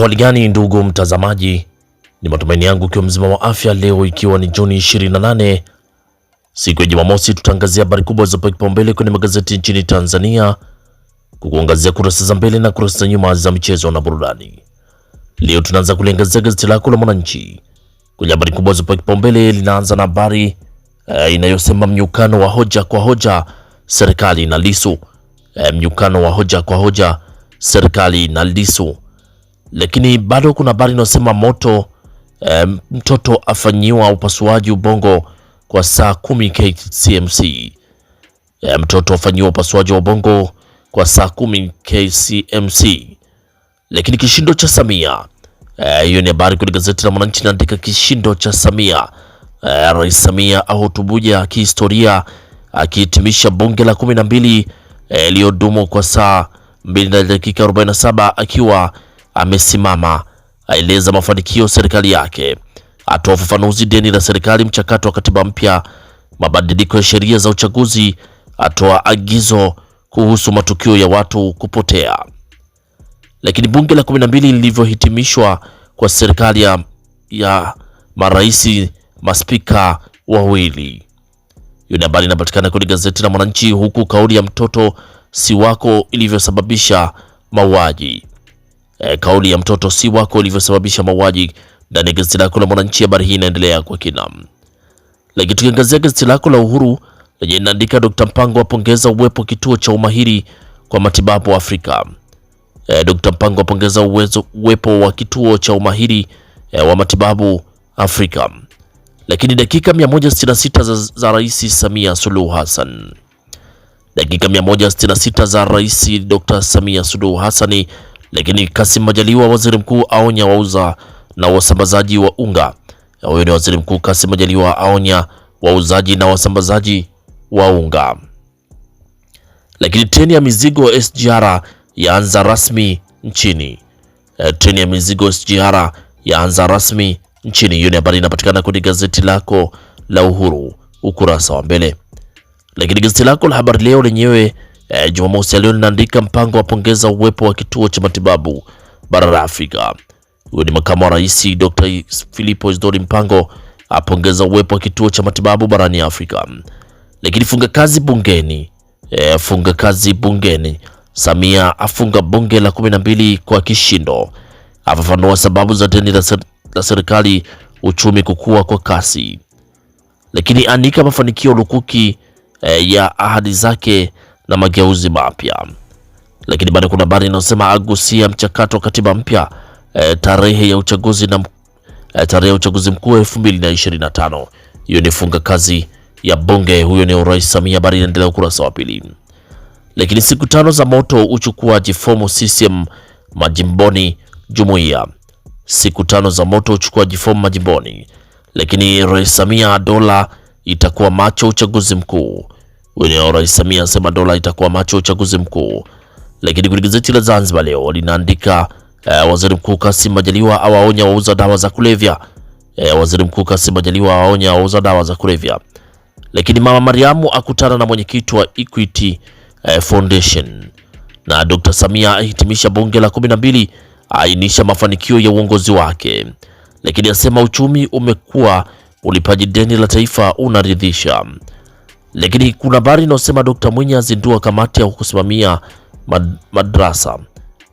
Hali gani ndugu mtazamaji, ni matumaini yangu ikiwa mzima wa afya. Leo ikiwa ni Juni 28 siku ya Jumamosi, tutaangazia habari kubwa zopewa kipaumbele kwenye magazeti nchini Tanzania, kukuangazia kurasa za mbele na kurasa za nyuma za michezo na burudani. Leo tunaanza kuliangazia gazeti lako la Mwananchi kwenye habari kubwa zopewa kipaumbele, linaanza na habari uh, inayosema mnyukano wa hoja kwa hoja serikali na Lisu. Uh, eh, mnyukano wa hoja kwa hoja serikali na lisu lakini bado kuna habari inayosema moto e, mtoto afanyiwa upasuaji ubongo kwa saa kumi KCMC. E, mtoto afanyiwa upasuaji wa ubongo kwa saa kumi KCMC. Lakini kishindo cha Samia eh, hiyo e, ni habari kwenye gazeti la Mwananchi inaandika kishindo cha Samia e, Rais Samia ahutubuja kihistoria akihitimisha bunge la kumi na mbili eh, iliyodumu e, kwa saa mbili na dakika 47 akiwa amesimama, aeleza mafanikio serikali yake, atoa ufafanuzi deni la serikali, mchakato wa katiba mpya, mabadiliko ya sheria za uchaguzi, atoa agizo kuhusu matukio ya watu kupotea. Lakini bunge la 12 lilivyohitimishwa kwa serikali ya, ya maraisi maspika wawili. Hiyo ni habari inapatikana kwenye gazeti la Mwananchi, huku kauli ya mtoto si wako ilivyosababisha mauaji. Eh, kauli ya mtoto si wako ulivyosababisha mauaji. Ndani ya gazeti lako la Mwananchi habari hii inaendelea kwa kina, lakini tukiangazia gazeti lako la Uhuru lenye inaandika Dr. Mpango apongeza uwepo kituo cha umahiri kwa matibabu Afrika. E, eh, Dr. Mpango apongeza uwezo, uwepo wa kituo cha umahiri e, wa matibabu Afrika. Lakini dakika 166 za, za Rais Samia Suluhu Hassan dakika 166 za Rais Dr. Samia Suluhu Hassani lakini kasim Majaliwa, waziri mkuu, aonya wauza na wasambazaji wa unga. Huyo ni waziri mkuu kasim Majaliwa aonya wauzaji na wasambazaji wa unga. Lakini treni ya mizigo SGR yaanza rasmi nchini. Eh, treni ya mizigo SGR yaanza rasmi nchini. Hiyo ni habari inapatikana kwenye gazeti lako la Uhuru ukurasa wa mbele. Lakini gazeti lako la Habari Leo lenyewe e, Jumamosi ya leo linaandika mpango wa uwepo wa kituo cha matibabu bara la Afrika. Huyo ni makamu wa rais Dr. Philip Isidori Mpango apongeza uwepo wa kituo cha matibabu barani Afrika. Lakini funga kazi bungeni e, funga kazi bungeni. Samia afunga bunge la 12 kwa kishindo, afafanua sababu za deni la, serikali uchumi kukua kwa kasi. Lakini anika mafanikio lukuki e, ya ahadi zake na mageuzi mapya. Lakini bado kuna habari inayosema agusia mchakato wa katiba mpya e, tarehe ya uchaguzi na e, tarehe ya uchaguzi mkuu 2025. Hiyo ni funga kazi ya bunge. Huyo ni Rais Samia, habari inaendelea ukurasa wa pili. Lakini siku tano za moto uchukuaji fomu CCM majimboni jumuiya. Siku tano za moto uchukuaji fomu majimboni. Lakini Rais Samia, dola itakuwa macho uchaguzi mkuu wenyewe Rais Samia asema dola itakuwa macho uchaguzi mkuu. Lakini kwenye gazeti la Zanzibar leo linaandika eh, waziri mkuu Kassim Majaliwa awaonya wauza dawa za kulevya. Eh, waziri mkuu Kassim Majaliwa awaonya wauza dawa za kulevya. Lakini mama Mariamu akutana na mwenyekiti wa Equity eh, Foundation na Dr. Samia ahitimisha bunge la 12 ainisha mafanikio ya uongozi wake, lakini asema uchumi umekuwa, ulipaji deni la taifa unaridhisha. Lakini kuna habari inayosema Dr. Mwinyi azindua kamati ya kusimamia mad madrasa.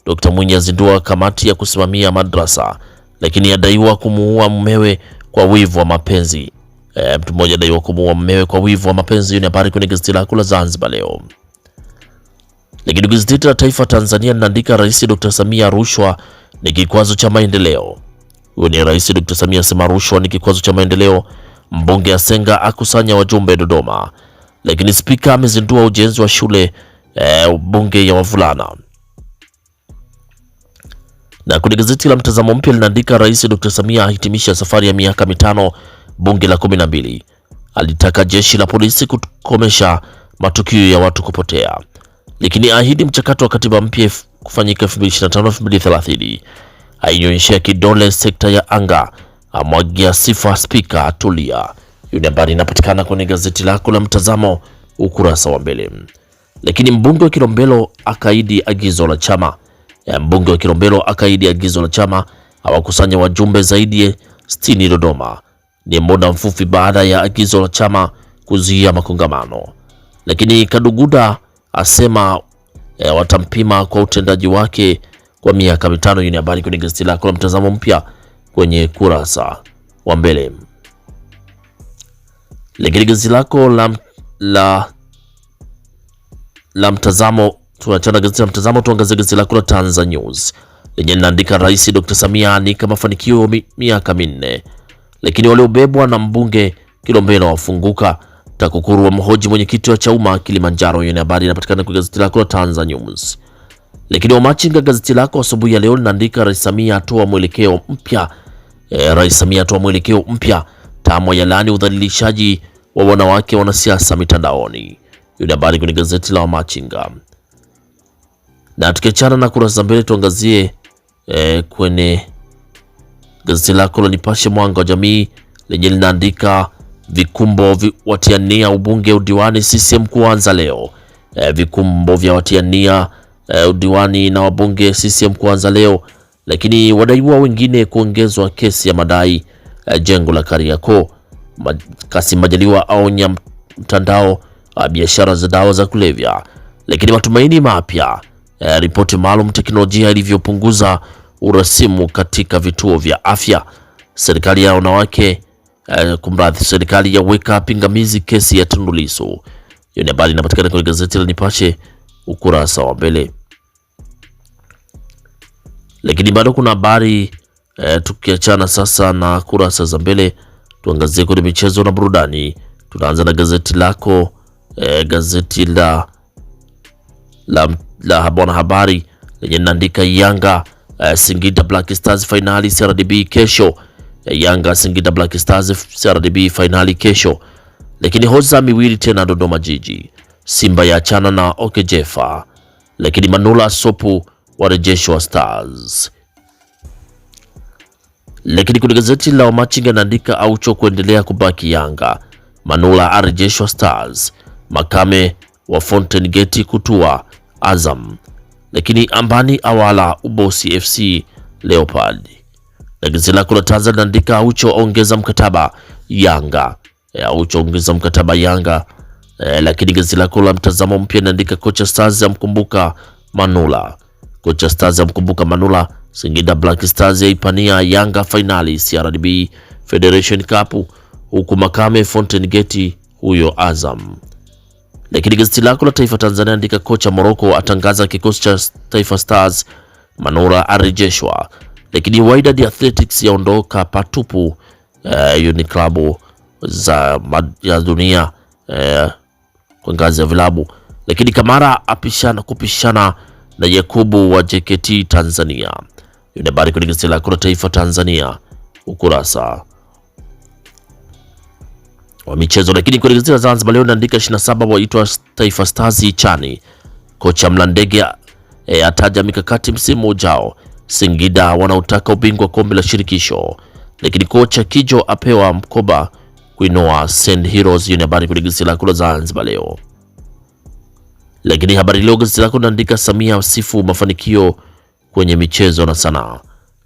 Dr. Mwinyi azindua kamati ya kusimamia madrasa, lakini adaiwa kumuua mumewe kwa wivu wa mapenzi. E, mtu mmoja adaiwa kumuua mumewe kwa wivu wa mapenzi. Hiyo ni habari kwenye gazeti lako la Zanzibar leo. Lakini gazeti la Taifa Tanzania linaandika Rais Dr. Samia, rushwa ni kikwazo cha maendeleo. Huyo ni Rais Dr. Samia sema rushwa ni kikwazo cha maendeleo. Mbunge Asenga akusanya wajumbe Dodoma. Lakini spika amezindua ujenzi wa shule e, eh, bunge ya wavulana. Na kwenye gazeti la Mtazamo Mpya linaandika Rais Dr. Samia ahitimisha safari ya miaka mitano bunge la kumi na mbili. Alitaka jeshi la polisi kukomesha matukio ya watu kupotea, lakini ahidi mchakato wa katiba mpya kufanyika 2025-2030. Ainyonyeshea kidole sekta ya anga, amwagia sifa spika Tulia. Hiyo ni habari inapatikana kwenye gazeti lako la Mtazamo ukurasa wa mbele. Lakini mbunge wa Kilombero akaidi agizo la chama. Mbunge wa Kilombero akaidi agizo la chama awakusanya wajumbe zaidi ya 60 Dodoma. Ni muda mfupi baada ya agizo la chama kuzuia makongamano. Lakini Kaduguda asema e, watampima kwa utendaji wake kwa miaka mitano. Hiyo ni habari kwenye gazeti lako la Mtazamo mpya kwenye kurasa wa mbele. Lakini gazeti lako la, la, la mtazamo tunachana gazeti la mtazamo, tuangazie gazeti lako la Tanzania News lenye linaandika Rais Dr. Samia anika mafanikio miaka minne, lakini waliobebwa na mbunge Kilombero wafunguka. TAKUKURU wa mhoji mwenyekiti wa Chauma Kilimanjaro. Hiyo ni habari inapatikana kwa gazeti lako la Tanzania News. Lakini Wamachinga, gazeti lako asubuhi ya leo linaandika Rais Samia atoa mwelekeo mpya. E, Rais Samia atoa mwelekeo mpya TAMWA yalaani udhalilishaji wa wanawake wanasiasa mitandaoni. Hiyo ni habari kwenye gazeti la Wamachinga. Na tukiachana na kurasa za mbele, tuangazie eh, kwenye gazeti lako la Nipashe Mwanga wa Jamii lenye linaandika vikumbo vi, watiania ubunge udiwani CCM kuanza leo. E, vikumbo vya watiania e, udiwani na wabunge CCM kuanza leo, lakini wadaiwa wengine kuongezwa kesi ya madai Eh, jengo la Kariakoo. Kassim Majaliwa aonya mtandao eh, biashara za dawa za kulevya, lakini matumaini mapya. E, ripoti maalum teknolojia ilivyopunguza urasimu katika vituo vya afya. Serikali ya wanawake e, kumradhi, serikali yaweka pingamizi kesi ya Tundu Lissu. Hiyo ni habari inapatikana kwenye gazeti la Nipashe ukurasa wa mbele, lakini bado kuna habari E, tukiachana sasa na kurasa za mbele tuangazie kwenye michezo na burudani. Tunaanza na gazeti lako e, gazeti la, la, la habari lenye linaandika Yanga e, Singida Black Stars finali CRDB kesho e, Yanga Singida Black Stars CRDB finali kesho, lakini hoza miwili tena Dodoma Jiji, Simba ya chana na Okejefa, lakini Manula Sopu warejeshwa Stars lakini kuna gazeti la Wamachinga naandika Aucho kuendelea kubaki Yanga, Manula arejeshwa Stars, Makame wa Fountain Gate kutua Azam, lakini Ambani awala ubosi FC Leopard. Na gazeti lako la Tanzania naandika Aucho ongeza mkataba Yanga, e, Aucho ongeza mkataba Yanga. E, lakini gazeti lako la Mtazamo Mpya naandika kocha Stars amkumbuka Manula, kocha Stars amkumbuka Manula Singida Black Stars yaipania Yanga fainali CRDB Federation Cup, huku Makame Fountain Gate huyo Azam. Lakini gazeti lako la Taifa Tanzania andika kocha Morocco atangaza kikosi cha Taifa Stars, Manura arejeshwa. Lakini Wydad Athletics yaondoka patupu eh, hiyo, uh, ni klabu za ya dunia eh, kwa ngazi ya vilabu. Lakini Kamara apishana kupishana na Yakubu wa JKT Tanzania. Hiyo ni habari kwenye gazeti lako la Taifa Tanzania ukurasa wa michezo. Lakini kwenye gazeti la Zanzibar Leo naandika 27 waitwa Taifa Stars chani, kocha Mlandege e, ataja mikakati msimu ujao. Singida wanaotaka ubingwa kombe la shirikisho, lakini kocha Kijo apewa mkoba kuinoa Send Heroes. Hiyo ni habari kwenye gazeti lako la Zanzibar Leo. Lakini habari leo gazeti lako linaandika Samia sifu mafanikio kwenye michezo na sanaa,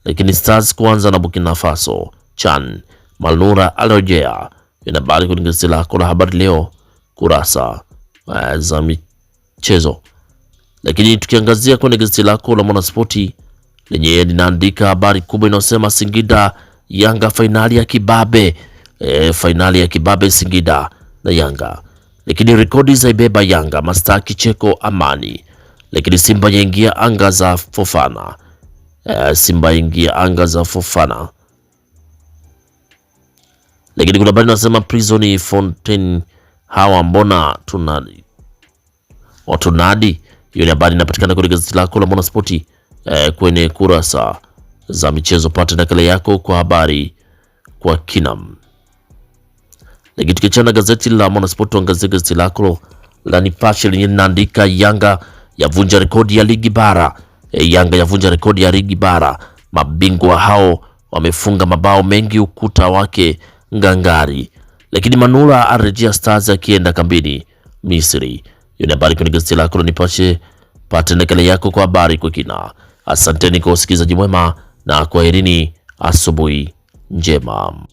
lakini Stars kuanza na Burkina Faso. Chan Malnura alirejea, inabali kwenye gazeti lako la habari leo kurasa eh, za michezo. Lakini tukiangazia kwenye gazeti lako la Mwanaspoti lenye linaandika habari kubwa inayosema Singida Yanga fainali ya kibabe. E, fainali ya kibabe Singida na Yanga, lakini rekodi zaibeba Yanga, mastaa Kicheko Amani lakini Simba yaingia anga za Fofana. E, Simba yaingia anga za Fofana, lakini kuna bado nasema Prison Fountain hawa mbona tuna watunadi. Hiyo ni habari inapatikana kwenye gazeti lako la Mwanaspoti e, kwenye kurasa za michezo. Pata nakala yako kwa habari kwa kinam. Lakini tukichana gazeti la Mwanaspoti, tuangazie gazeti lako la Nipashe lenye linaandika Yanga yavunja rekodi ya ligi bara. E, Yanga yavunja rekodi ya ligi bara. Mabingwa hao wamefunga mabao mengi, ukuta wake ngangari. Lakini Manula arejea Stars akienda kambini Misri. Hiyo ni habari kwenye gazeti lako la Nipashe. pate nakala yako kwa habari kwa kina. Asanteni kwa usikilizaji mwema na kwaherini, asubuhi njema.